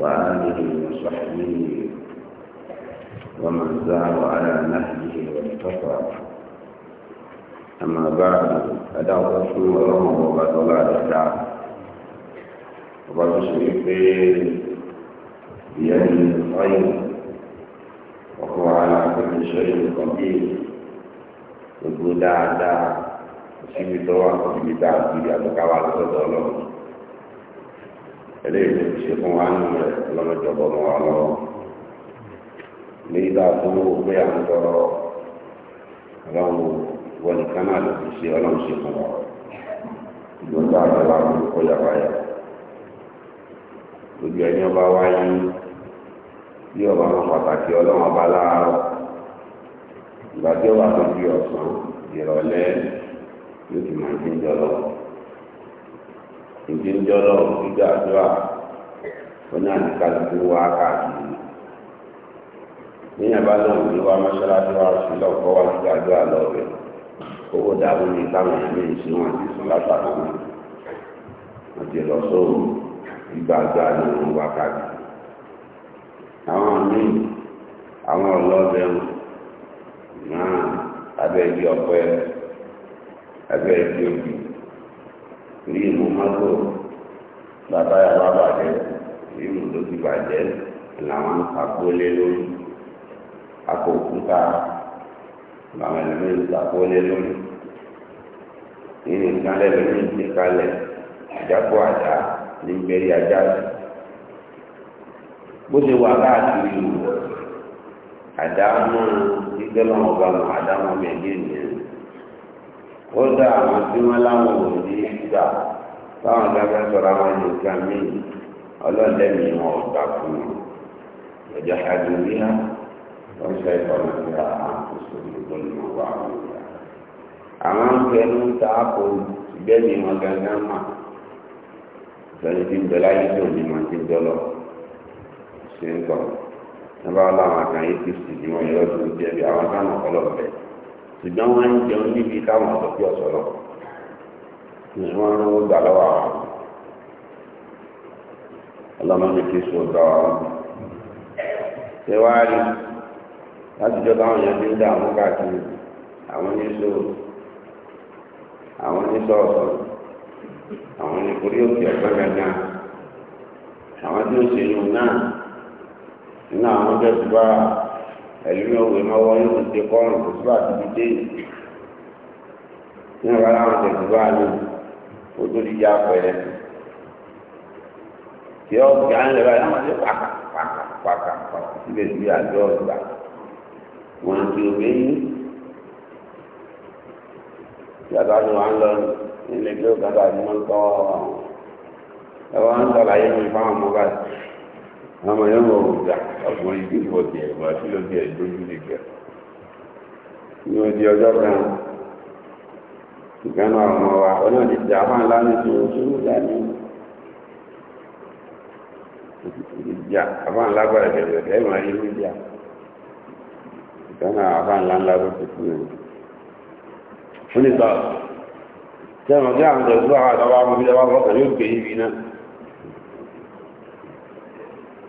وآله وصحبه ومن زار على نهجه واستطاع أما بعد أدعو رسول الله وبعد الله تعالى وبعد سيفين بيد الخير وهو على كل شيء قدير يقول دعاء síbi tó wà níbi tá a ti àtọ́ká wa lọ́dọ̀ ọlọ́run eléyìí tó ti ṣe fún wa nínú rẹ̀ lọ́mọdébọ̀ mọ́ wa lọ́wọ́ ní ìdá fún owó pé à ń tọrọ ọlọ́run wọn nìkan náà ló ti ṣe ọlọ́run ṣe fún wa ìgbọ́dọ̀ àtọ́lá wọn kó yàrá yàrá gbogbo ẹni ọba wáyé bí ọba wọn pàtàkì ọlọ́run ọba láàárọ̀ ìgbà tí ọba tó bí ọ̀sán ìrọ̀lẹ́ yóò ti máa dín jọlọ ìdín jọlọ gbígbà àdúrà oní àdìkàlùkù wá káàkiri níyàn bá náà ní wá mọ́ṣáláṣí wá sí lọ́kọ́ wá sí àdúrà lọ́ọ̀rẹ́ owó dàbí ní táwọn èèyàn méjì sí wọn àti sùn wọn lọ abẹ́ ẹ̀jẹ̀ òbí rí ìmú mọ́tò bàbá yà bá bàjẹ́ rí ìmú tó ti bàjẹ́ làwọn àpólé lórí akòkúta làwọn ẹlẹ́mìí ń àpólé lórí nínú ìkálẹ̀ lórí àjákò àjá ní gbẹ̀rí ajá bó ṣe wà káàkiri àdámọ́ àdámọ́ nìyẹn. ó dá àwọn tí wọ́n láwọn ò ní gbà táwọn gbàgbé sọ̀rọ̀ àwọn nǹkan míì ọlọ́ọ̀lẹ́mì wọn ò gbà fún wọn ẹ̀jẹ̀ àdúgbìyà wọ́n ṣe ìfọ̀nà sí àkóso ìgbónú wa àwọn akẹ́nu ta àpò ìgbẹ́ni wọn gangan mà sẹ́ni tí ń bẹ láyé tó ní wọn ti ń dọ́lọ̀ ṣe ń kọ́ nígbà wọn làwọn àkànyé kristi ni wọn yọ ọdún jẹbi àwọn táwọn ọlọ́ọ̀bẹ. ṣùgbọ́n wọ́n ń jẹun níbi káwọn ọ̀sọ̀ ọ̀sọ̀ wọ́n gbà lọ́wọ́ àwọn kí sọ gbà wà wọn. láti wàá rí èèyàn ti ń dá àwọn káàkiri àwọn ní sọ àwọn ní sọ̀ọ̀sọ̀ àwọn ní orí òkè ọ̀gbọ́n àwọn tí ó ṣe náà ẹlòmí ọwọ́ ìmọ̀ wọn yóò ti kọrùn kò sí àti ti dé ní ọ̀rọ̀ àwọn tẹ̀sí bá mi kò ń pàkà pàkà pàkà pàkà síbẹ̀ àjọ ọ̀gbà wọn ti yín yàtọ̀ ni lọ kí ó àmọ́ yẹn wọ ọjà ọgbọ́n ibi ìwọ ti ẹgbà tí ló ti ẹdójú nìkẹ ní odi ọjọ́ kan ìkànnì ọmọ wa Ọlọ́run ti dà fún aláàánú tó o tó dání ìjà àbá ńlá gbọ́dọ̀ tẹ́lẹ̀ tẹ́lẹ̀ máa yé ìjà ìkànnì àbá ńlá ńlá tó ti kú yẹn fún ìgbà tí àwọn ọjọ́ àwọn àwọn àtàwọn ọmọ bíi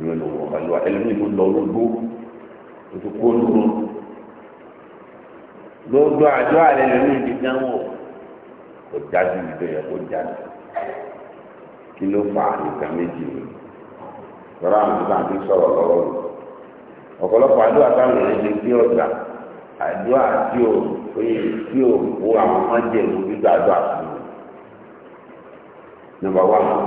ìwé ló wọ balùwà ẹlẹmí ló lọ lógbó o ti kó lóru lójú àjọ àlẹ lẹmí ti dánwò kò jáde ìgbẹ yẹ kó jáde kí ló fà nǹkan méjì ni lọ́rọ̀ àwọn ìgbà tó sọ̀rọ̀ lọ́rọ̀ lò ọ̀pọ̀lọpọ̀ àdúrà táwọn èèyàn ṣe sí ọ̀gbà àdúrà tí ò tí ò kó àwọn ọmọ jẹ̀ lójú àdúrà fún mi. nọ́mbà wà mọ́.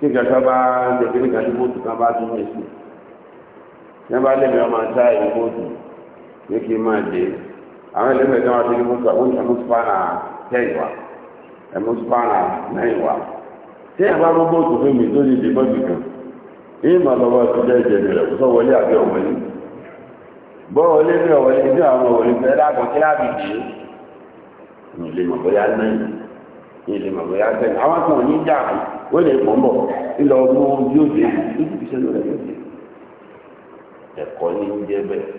tí gàtà bá lẹ́gbẹ̀rẹ̀ gàtà mọ́tò kan bá tún lẹ́sí yẹn bá lẹ́gbẹ̀rẹ̀ ọmọ àtà ìmọ́tò ní kí n máa dé àwọn ẹlẹ́gbẹ̀rẹ̀ tí wọ́n ti ní mọ́tò àwọn na tẹ́ìwá ẹmọ́sùpánà náìwá tí yẹn bá mọ́ mọ́tò fún mi tó lè dé bọ́ọ̀gì kan èyí mà lọ́wọ́ ti jẹ́ ìjẹ̀bi rẹ̀ kó wọlé àbí ọ̀wọ́lé bọ́ọ̀lé ní ọ̀wọ́lé ní àwọn ọ̀wọ́lé fẹ́ lágùn kíláàbì dé ìlè mọ̀ bóyá náà ìlè mọ̀ bóyá tẹ́lẹ̀ àwọn kan ò ní wọ́n lè pọ̀ ń bọ̀ ńlọ mú bí ó ìṣẹ́ lórí jẹ́ ẹ̀kọ́ ní jẹ́ bẹ́ẹ̀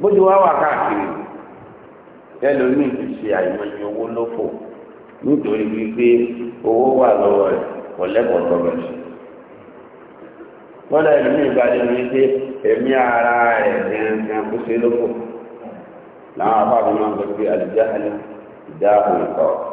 bójú wà káàkiri ẹlòmíì ti ṣe àìmọye owó lófò nítorí wípé owó wà lọ́wọ́ rẹ̀ ọ̀lẹ́kọ̀ọ́ tọ́gbẹ̀ wọ́n lọ ẹlòmíì bá lè pé ẹ̀mí ara rẹ̀ kó ṣe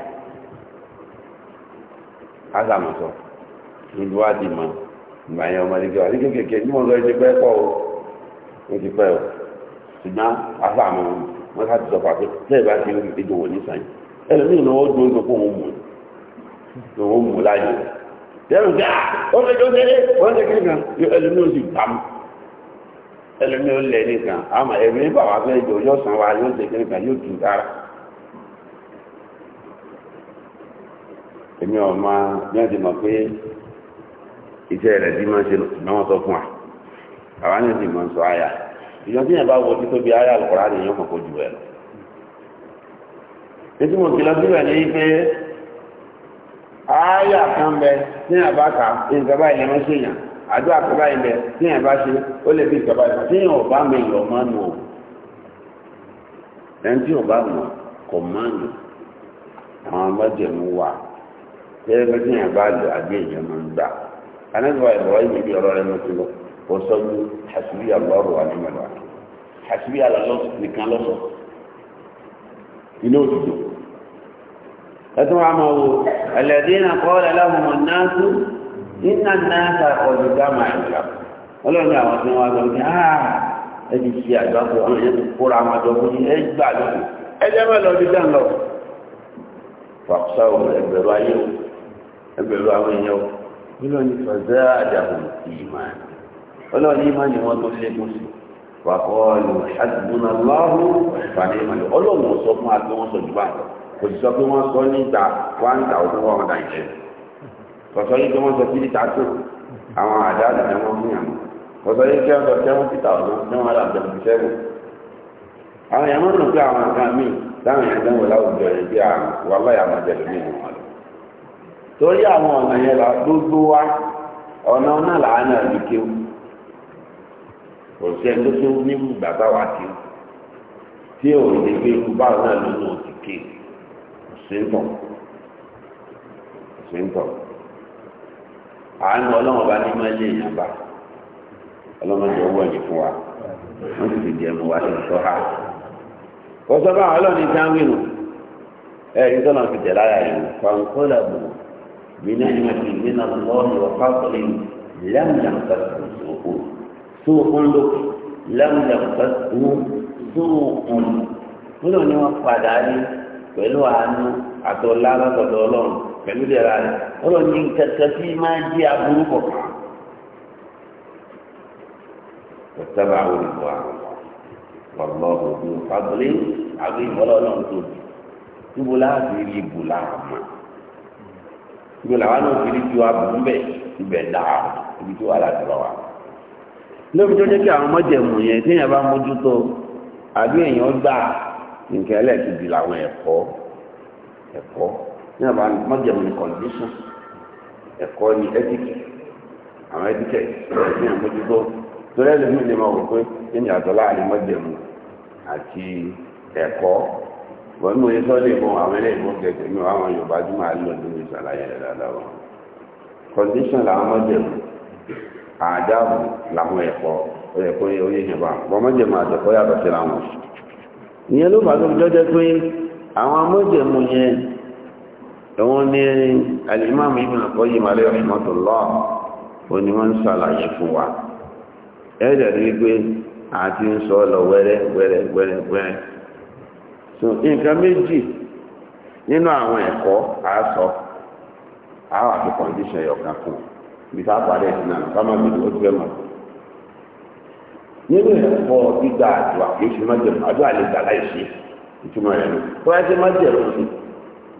azàmọ̀sọ̀ níbi wá ti mọ̀ ìgbà yẹn ọmọdé jọ àti ní wọn lọ ti pẹ́ pọ̀ o ó ti pẹ́ o ṣùgbọ́n azàmọ̀ wọn ká ti sọ pàtó lẹ́yìn bá ti ń fi dòwò ní sàn ẹlòmíì náà ó dún ní kókó òun mú òun mú láyé lẹ́rù gbà ó fẹ́ jọ kéré wọ́n ti kéré kan ẹlòmíì ó sì gbà mú ẹlòmíì ó lẹ̀ nìkan àmọ́ ẹ̀mí bàbá fẹ́ jọ yóò sàn wá yóò ti kéré èmi ọ̀ma yóò ti mọ̀ pé iṣẹ́ rẹ̀ bí máa ń ṣe lọ́wọ́ sọ fún wa àwa ní ti mọ̀ ń sọ àyà ìjọ tí yẹn bá wọ títóbi àyà lọ́kọ̀ọ́rá ni yóò kọ̀kọ́ jù ẹ̀ lọ. ètò mo kìlọ̀ síbẹ̀ ní pé àyà kan bẹ tí yẹn bá kà nǹkan báyìí lè máa ṣe yàn àjọ àkọ́bá yẹn bẹ tí yẹn bá ṣe ó lè bí nǹkan báyìí tí yẹn ò bá mi lọ máa nù ọ́ ẹni tí ò bá mọ̀ kọ̀ máa nù àwọn amájẹ̀mú wà tẹ́lẹ̀ tí yàn bá lò àbí èèyàn máa ń gbà anábìwá ìbọ̀wá yìí bí ọ̀rọ̀ rẹ̀ mú lọ kò sọ ní hasibi alọ́rọ̀ wà nínú ẹ̀rọ àti hasibi nìkan lọ́sọ̀ inú òtútù ẹtù wa máa wo náà tó nínà náà ọlọ́run àwọn tí wọ́n lọ ní àá ẹbí ṣe àgbàpọ̀ àwọn kóra àwọn àjọ fún ẹgbẹ̀rún àwọn èèyàn nínú ní fọ̀zẹ́ àdàbò ìmọ̀ dị ìmọ̀ ni wọ́n tó lékún sí wàkọ́ọ̀lù ṣàdùnàláhù ìpàdé ìmọ̀lẹ̀ ọlọ́run sọ fún àti wọ́n sọ jù bá kò sì sọ pé wọ́n sọ sọ sọ àwọn fún kò sọ pé wọ́n sọ àwọn èèyàn nù pé àwọn nǹkan míì láwọn torí àwọn ọ̀nà yẹn là wa ọ̀nà náà là á nà ní kéwù kò sí ẹni tó kéwù ní wa tí ò lè gbé ikú náà ti ké kò sí ń tọ̀ kò sí ń tọ̀ àánú ọlọ́wọ́n bá ní máa lé èèyàn bá ọlọ́wọ́n jọ wọ̀ fún wa wọ́n sì ha kò sọ ọlọ́ọ̀ni nù tẹ̀ بنعمة من الله وفضل لم يمسسه سوء سوء لك لم يمسسه سوء nínú ni wọn padà rí pẹ̀lú àánú àtọlá látọ̀dọ̀ Ọlọ́run pẹ̀lú ìlera rẹ̀ Ọlọ́run ní kẹkẹ tí máa ń jí aburú kọkàn ọ̀sẹ̀bà olùkọ́ àwọn ọlọ́run ọdún fagilé àbí ìmọ̀lọ́lọ́run tóbi níbo láti rí ibù láwọn ibi làwọn náà fi rí ju abùkù bẹ̀ ibẹ̀ dáa ibi tó wà láti lọ wa. lóbi tó jẹ́ kí àwọn mọ́jẹ̀mú yẹn téèyàn bá mójútó àbí èèyàn gbà nǹkan ẹlẹ́ẹ̀kejì làwọn ẹ̀kọ́ ẹ̀kọ́ téèyàn bá mọ́jẹ̀mú ní condition ẹ̀kọ́ ní etiquette àwọn etiquette téèyàn mójútó torí ẹlẹ́mìí lè máa wò pé téèyàn àtọ́lá àlè mọ́jẹ̀mú àti ẹ̀kọ́ wọ́n mú ẹjọ́ lè mọ àwọn ẹlẹ́yìn mọ́ ní àwọn Yorùbá tí máa lò nínú ìṣàlàyé rẹ̀ dáadáa condition làwọn mọ́jẹ̀mú làwọn ẹ̀kọ́ ẹ̀kọ́ oyè yàtọ̀ sí ìyẹn ló bá tó jọ́jẹ́ pé àwọn yẹn wa so nǹkan méjì nínú àwọn ẹ̀kọ́ àásọ àwọn àti kọ̀ǹdíṣàn ẹ̀yọ̀kan fún ibi tá a parí ẹ̀sìn náà kámá mi ló fẹ́ nínú ẹ̀kọ́ gbígba àdúrà kì í ṣe má jẹun àdúrà lè gbà láì ìtumọ̀ rẹ̀ nù tó yẹ má jẹun sí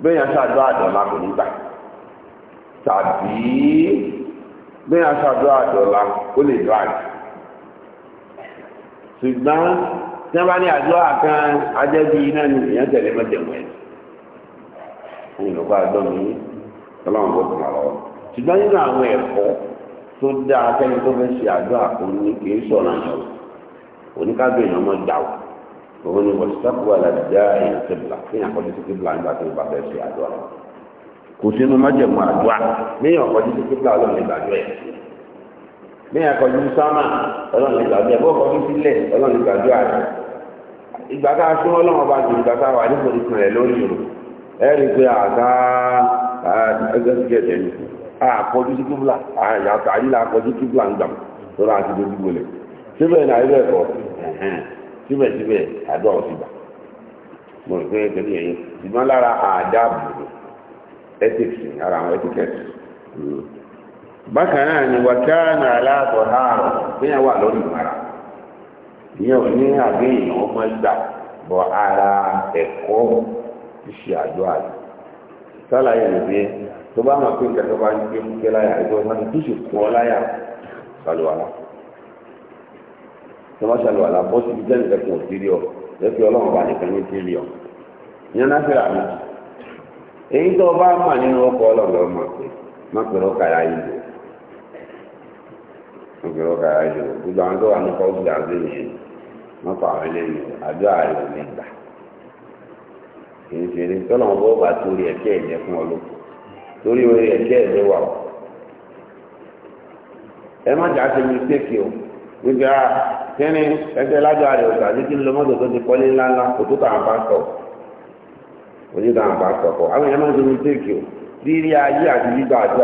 bẹ́ẹ̀ yẹn ṣàdúrà àdọ̀là kò ní gbà tàbí bẹ́ẹ̀ yẹn tí wọ́n ní àjọ àkan ajẹ́bí iná ni èèyàn tẹ̀lé mọ́jẹ̀mọ́ ẹ̀ ní ìlọ́gbà àdọ́mi ọlọ́run bó kùnà lọ́wọ́ ṣùgbọ́n nínú àwọn ẹ̀kọ́ tó dáa fẹ́ni tó fẹ́ ṣe àjọ àkùn ní kì í sọ̀rọ̀ àyàn oníkágbé èèyàn mọ́ gbà ó òun ni wọ́n sọ́kù alàdìjá èèyàn tẹ̀bìlà kí èèyàn kọ́jú sí kíbla nígbà tó bá fẹ́ ṣe àjọ àkùn kò sínú mọ́jẹ̀mọ́ àjọ bí yàn kọjú sámà ọlọ́run lè gbàdúrà bó kọjú sílẹ̀ ọlọ́run lè gbàdúrà rẹ̀ ìgbà tá a sún ọlọ́run ọba ju ìgbà tá a wà ní polisi rẹ̀ lórí o ẹ rí i pé àga ẹgbẹ́ ti gẹ̀ẹ́dẹ̀ ni àkọjú sí kíbla àyàtọ̀ kíbla ń gbà ti dojú síbẹ̀ ẹ̀kọ́ síbẹ̀síbẹ̀ àdúrà ò gbà mo rò pé kẹ́lí ṣùgbọ́n lára àwọn bákan náà ni wàkánà aláàtọ̀ ààrọ̀ fíyàn wà lórí ìmọ̀ra ìyẹn ní àgbé èèyàn ọmọ gbà bọ ara ẹ̀kọ́ ṣíṣe àjọ àjọ sálàyé rẹ̀ pé tó bá máa pé nǹkan bá ń gbé fúnkẹ́ láyà ẹgbẹ́ ọmọ tó kú ọ láyà tó bá sí rí ọ bá nìkan ní rí ọ ìyẹn náà èyí tó bá mà nínú níbi ọ̀gá ayò gbogbo àwọn tó wà ní kọ́ọ̀sì àti ìyẹn pa àwọn eléyìí àjọ ààrẹ ní gbà kì tọ́lọ̀ wọn bọ́ bá ọ lóko torí orí ẹ̀kẹ́ ẹ̀jẹ̀ wà ó ẹ má jà ṣe o a ah, kíni ẹgbẹ́ lájọ ààrẹ kí n lọ mọ́tò tó ti kọ́lé ńláńlá tó bá sọ bá àwọn má o rírí ayé àti gbígbà àjọ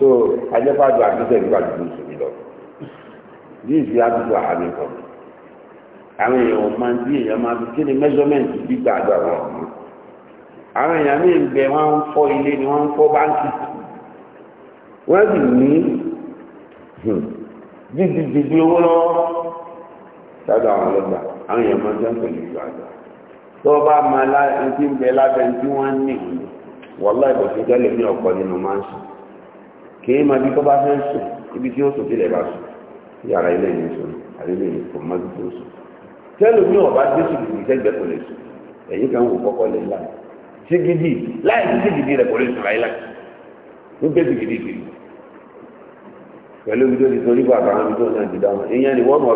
tó ajẹ́pàdé àtúntẹ̀ nígbà i sùn lọ bí ìsì àtúntò àmì kan àwọn èèyàn máa ń bí èèyàn máa fi kí ni mẹ́sọ́mẹ́ǹtì gbígbà àgbà wọn ọ̀hún àwọn èèyàn míì ni wọn ń fọ́ báńkì wọn sì ní hmm, dídìdìdì owó lọ́wọ́ sábà àwọn ọlọ́gbà àwọn èèyàn máa ń jẹun pẹ̀lú ìlú àgbà kìí máa bí tó bá fẹ́ sùn ibi tí ó sùn tilẹ̀ bá sùn yàrá ilé yìí sùn àbí ilé yìí kò má bí tó sùn tẹ́lẹ̀ mi ọ̀bá gbé sùn kìí sẹ́gbẹ́ kò lè sùn ẹ̀yìn kan wò kọ́kọ́ ṣé gidi láì sí sí gidi rẹ̀ kò lè sùn láì láì ló gbé sí gidi gidi pẹ̀lú ibi tó ti àbáwọn ibi tó dáhùn ìyẹn ni wọ́n mọ̀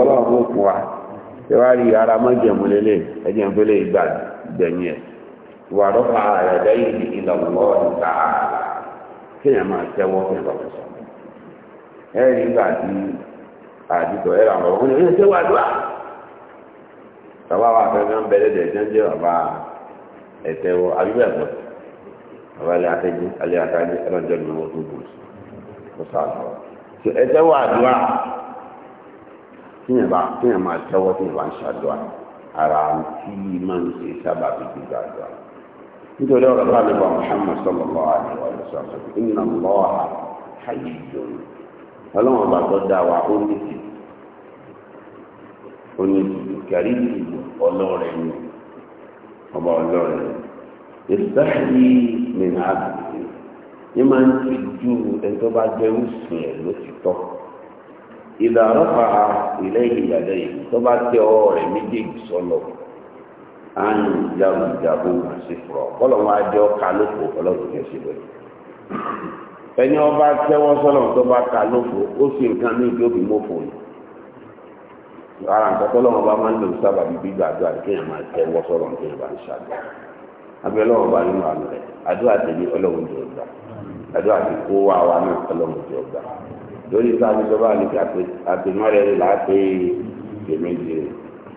ọ̀rọ̀ tẹwárí ara mọ́jẹ̀mú lélẹ̀ ìgbà gbẹ̀yìn ẹ̀ wà rọ́pà rẹ̀ lẹ́yìn ìlọ̀wọ́ ìta kéèyàn máa tẹ́wọ́ fún ìbá fún rí ìgbà tí àdìgbò ní bàbá wa fẹ́ẹ́ ń bẹ̀rẹ̀ tíyàn bá tíyàn máa tẹ́wọ́ tíyàn bá ń ṣàdúrà ara tí máa ń ṣe sábà fi gbígbà àdúrà nítorí ọ̀rọ̀ bá lè bá Muhammad sallallahu alaihi wa sallam inna Allaha hayyun ọlọ́run ọba tó dá wa ó ní ti ó ní ti kàrí ìlú ọlọ́rẹ̀ ni ọba ọlọ́rẹ̀ ni ìsáàlì mìíràn àbùkù ní máa ń tijú ẹni tó bá jẹ́ òsìn ẹ̀ ló ti tọ́. ìlà rọ́pà ile ìyàdẹ́ yìí tó bá tẹ ọwọ́ rẹ̀ méjèèjì sọ́nà ẹni ọba tẹ́wọ́ sọ́nà tó bá ká lóko ó sì nǹkan ní ìjọ bí mọ́fò ni. ara máa ń lò sábà bí tẹ́wọ́ bá ń bá nínú rẹ̀ ọlọ́run gbà kó wá wa náà ọlọ́run gbà. lórí sáájú tó bá ní kí àtìmọ́lẹ̀ rẹ̀ láti èméjì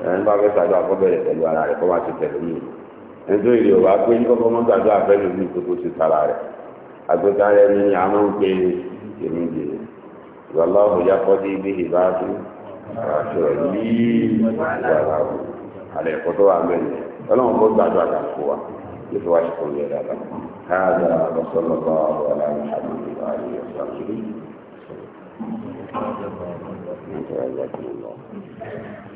ẹni bá fẹ́ sàdó àkọ́bẹ̀rẹ̀ pẹ̀lú ara rẹ̀ kọ́ bá ti tẹ̀lé mi ẹni tó ìrì òwà pé ní kọ́kọ́ mọ́tò àdó àfẹ́lú mi tó kó ti tara rẹ̀ àgbékà rẹ̀ ní ni a máa ń pe èméjì lọ́lọ́hùn yá kọ́ sí ibi ìbáàdú àṣọ yìí wàhálà alẹ́ ẹ̀kọ́ tó wà mẹ́rin ọlọ́run kó gbàdúrà kàkó wa ìfowópamọ́ yẹn dáadáa. هذا وصلى الله على محمد وآله وصحبه non c'è qualcuno